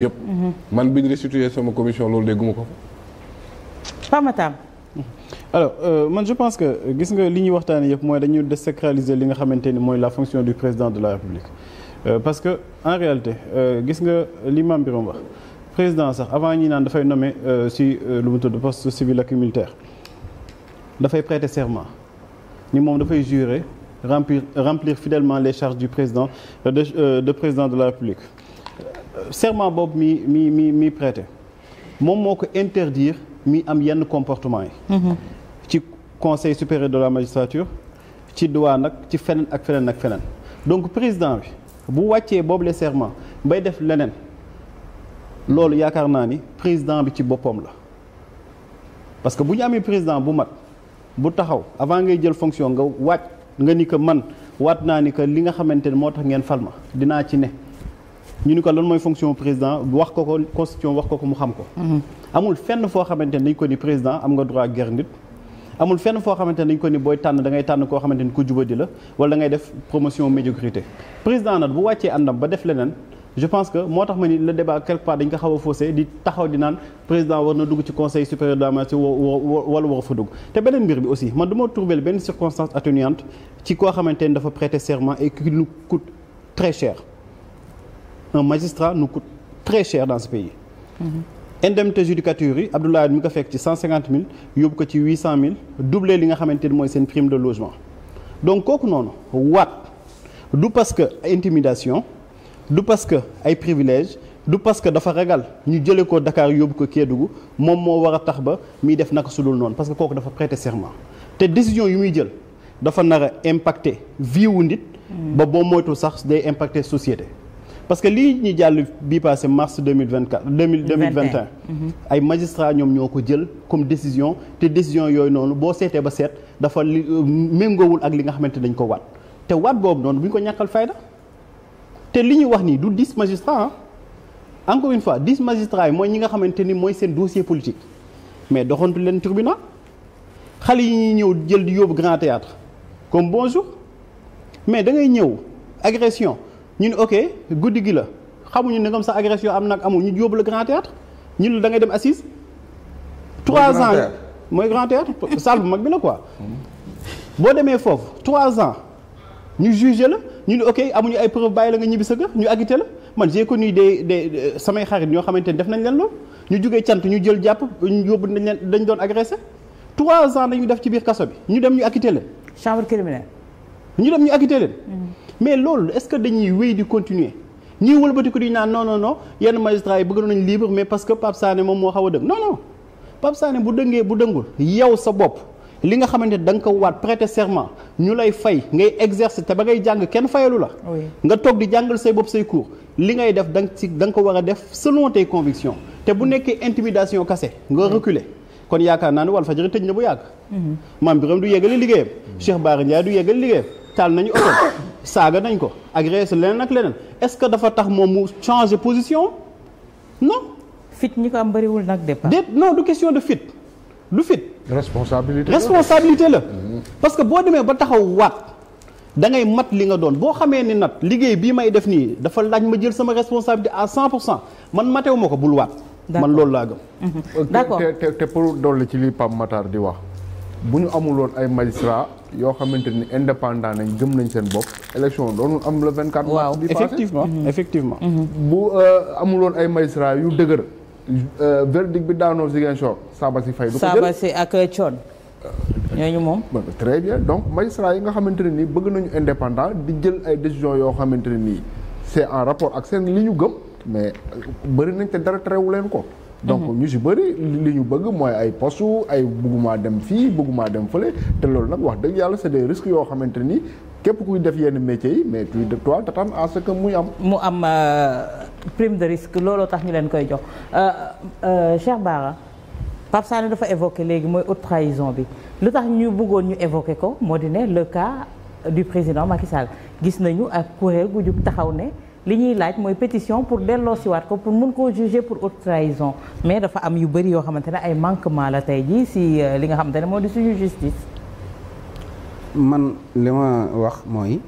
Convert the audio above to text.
yëpp. man bi ñu restitué sama commission loolu dégguma ko. Pamatam. alors euh, man je pense que gis nga li ñuy waxtaanee yëpp mooy dañu désacraliser li nga xamante ni mooy la fonction du président de la République euh, parce que en réalité euh, gis nga li Mame Birame wax président sax avant ñi naan dafay nommer si lu mu tudd poste civil ak militaire dafay prêter serment ni moom dafay jurer remplir remplir fidèlement les charges du président de, euh, de président de la République. serment boobu mi mi mi mi prêté moom moo ko interdire mi am yenn comportement yi mhm. ci conseil supérieur de la magistrature ci douane nag ci feneen ak feneen ak feneen donc président bi bu wàccee boobu le serment bay def leneen loolu yaakaar naa ni président bi ci boppam la parce que bu ñu amee président bu mat bu taxaw avant ngay jël fonction nga waaj nga ni que man waat naa ni que li nga xamante ne moo tax ngeen fal dinaa ci ne ñu ni ko lan mooy fonction président wax ko ko constitution wax ko ko mu xam ko. Mhm. amul fenn foo xamante ne dañ ko ni président am nga droit ger nit. amul fenn foo xamante ne dañ ko ni booy tànn dangay tànn koo xamante ni ku jubadi la wala da ngay def promotion médiocrité président nag bu wàccee àndam ba def leneen. je pense que moo tax ma ni le débat quelque part dañ ko xaw a faussé di taxaw di naan président war na dugg ci conseil supérieur de la magistrature wala war fa te beneen mbir bi aussi man du ma trouver benn circonstance atténuante ci koo xamante ni dafa prêter serment et qui nous coûte très un magistrat nous coûte très cher dans ce pays. Mm-hmm. indemnité judicature yi Abdoulaye mi ko fekk ci cent cinquante mille yóbbu ko ci huit cent mille doublé li nga xamante ni mooy seen prime de logement donc kooku noonu waat du parce que intimidation du parce que ay privilège du parce que dafa ragal ñu jëlee ko Dakar yóbbu ko Kédougou moom moo war a tax ba muy def naka su dul noonu parce que kooku dafa prêter serment te décision yu muy jël dafa nar a impacter vie nit. Mm. ba boo moytul sax day impacter société. parce que lii ñu jàll bii passé mars deux mille vingt quatre deux mille vingt un mhm. ay magistrats ñoom ñoo ko jël comme décision te décision yooyu noonu boo seetee ba seet dafa li euh, méngoowul ak li nga xamante dañ ko waat te waat boobu noonu bu ñu ko ñàkkal fayda te li ñuy wax nii du dix magistrats ah encore une fois dix magistrats yi mooy ñi nga xamante ni mooy seen dossier politique mais doxantu leen tribunal xale yi ñuy ñëw jël di yóbbu grand théâtre mais da ngay ñëw agression ñu ne ok guddi gi la xamuñu ne comme sa agression am nag amul ñu yóbbu la grand théâtre ñu ne da ngay dem assise trois ans mooy grand théâtre salle bu mag bi la quoi boo demee foofu trois ans ñu jugé la ñu ne ok amuñu ay preuve bàyyi la nga ñibbi sa kër ñu agité la man j'ai connu des des samay xarit ñoo xamante ne def nañ leen loolu ñu jugee cant ñu jël jàpp ñu yóbbu dañ leen dañ doon agressé trois ans dañu def ci biir kaso bi ñu dem ñu acquitté leen chambre criminelle ñu dem ñu acquitté leen mm-hmm. mais loolu est-ce que dañuy wéy di continuer ñiy wëlbati ko di naan non non non yenn magistrats yi bëgg nañ libre mais parce que Pape Sané moom moo xaw a dëng non non bu dëngee bu dëngul yow sa bopp li nga xamante da nga ko waat prêter serment ñu lay fay ngay exercer te ba ngay jàng kenn fayalu la. nga toog di jàngal say bopp say cours li ngay def danga ci da ko war a def selon tes convictions te bu nekkee intimidation kase nga reculer. kon yaakaar naa ne Walfadjri tëj na bu yàgg. Mhm. maam Birame du yeggali liggéeyam. Cheikh Bara Ndiaye du yeggali liggéeyam taal nañu oto saaga nañ ko agressé leneen ak leneen est-ce que dafa tax moom mu changer position non. fit ñi ko am bëriwul nag départ. déet non du question de fit du fit. responsabilité responsabilité la. Mhm. parce que boo demee ba taxaw waat da ngay mat li nga doon boo xamee ni nag liggéey bi may def nii dafa laaj ma jël sama responsabilité à 100 pour cent man matew ma ko bul waat. man loolu laa gëm. Mhm. d'accord te te pour dolli ci li Pape Matar di wax. bu ñu amuloon ay magistrats yoo xamante ni indépendant nañ gëm nañ seen bopp élection doonul am le 24 mars bi passé effectivement mhm. effectivement mhm. bu euh, amuloon ay magistrats yu dëgër euh, verdict bi daanoo Ziguinchor Sabassy Faye du ko jël Sabassy ak Thion euh, ñooñu moom très bien donc magistrats yi nga xamante ne nii bëgg nañu indépendant di jël ay décisions yoo xamante ne nii c'est en rapport ak seen li ñu gëm mais bëri nañ te dara terewu leen ko donc mhm. ñu si bëri li ñu bëgg mooy ay postu ay bëgguma dem fii bëgguma dem fële te loolu nag wax dëgg yàlla c'est des risques yoo xamante ni képp kuy def yenn métiers yi mais tuy de toi t'attends à ce que muy am. mu am euh, prime de risque looloo tax ñu leen koy jox euh, euh, Cheikh Bara Pape Sané dafa évoqué léegi mooy haute trahison bi lu tax ñu buggoon ñu évoqué ko moo di ne le cas du président Macky Sall gis nañu ak kuréel gu jub taxaw ne. li ñuy laaj mooy pétition pour delloo siwaat ko pour mun koo juger pour haute trahison mais dafa am yu bëri yoo xamante ne ay manquement la tey jii si euh, li nga xamante ne moo di suñu justice man li ma wax mooy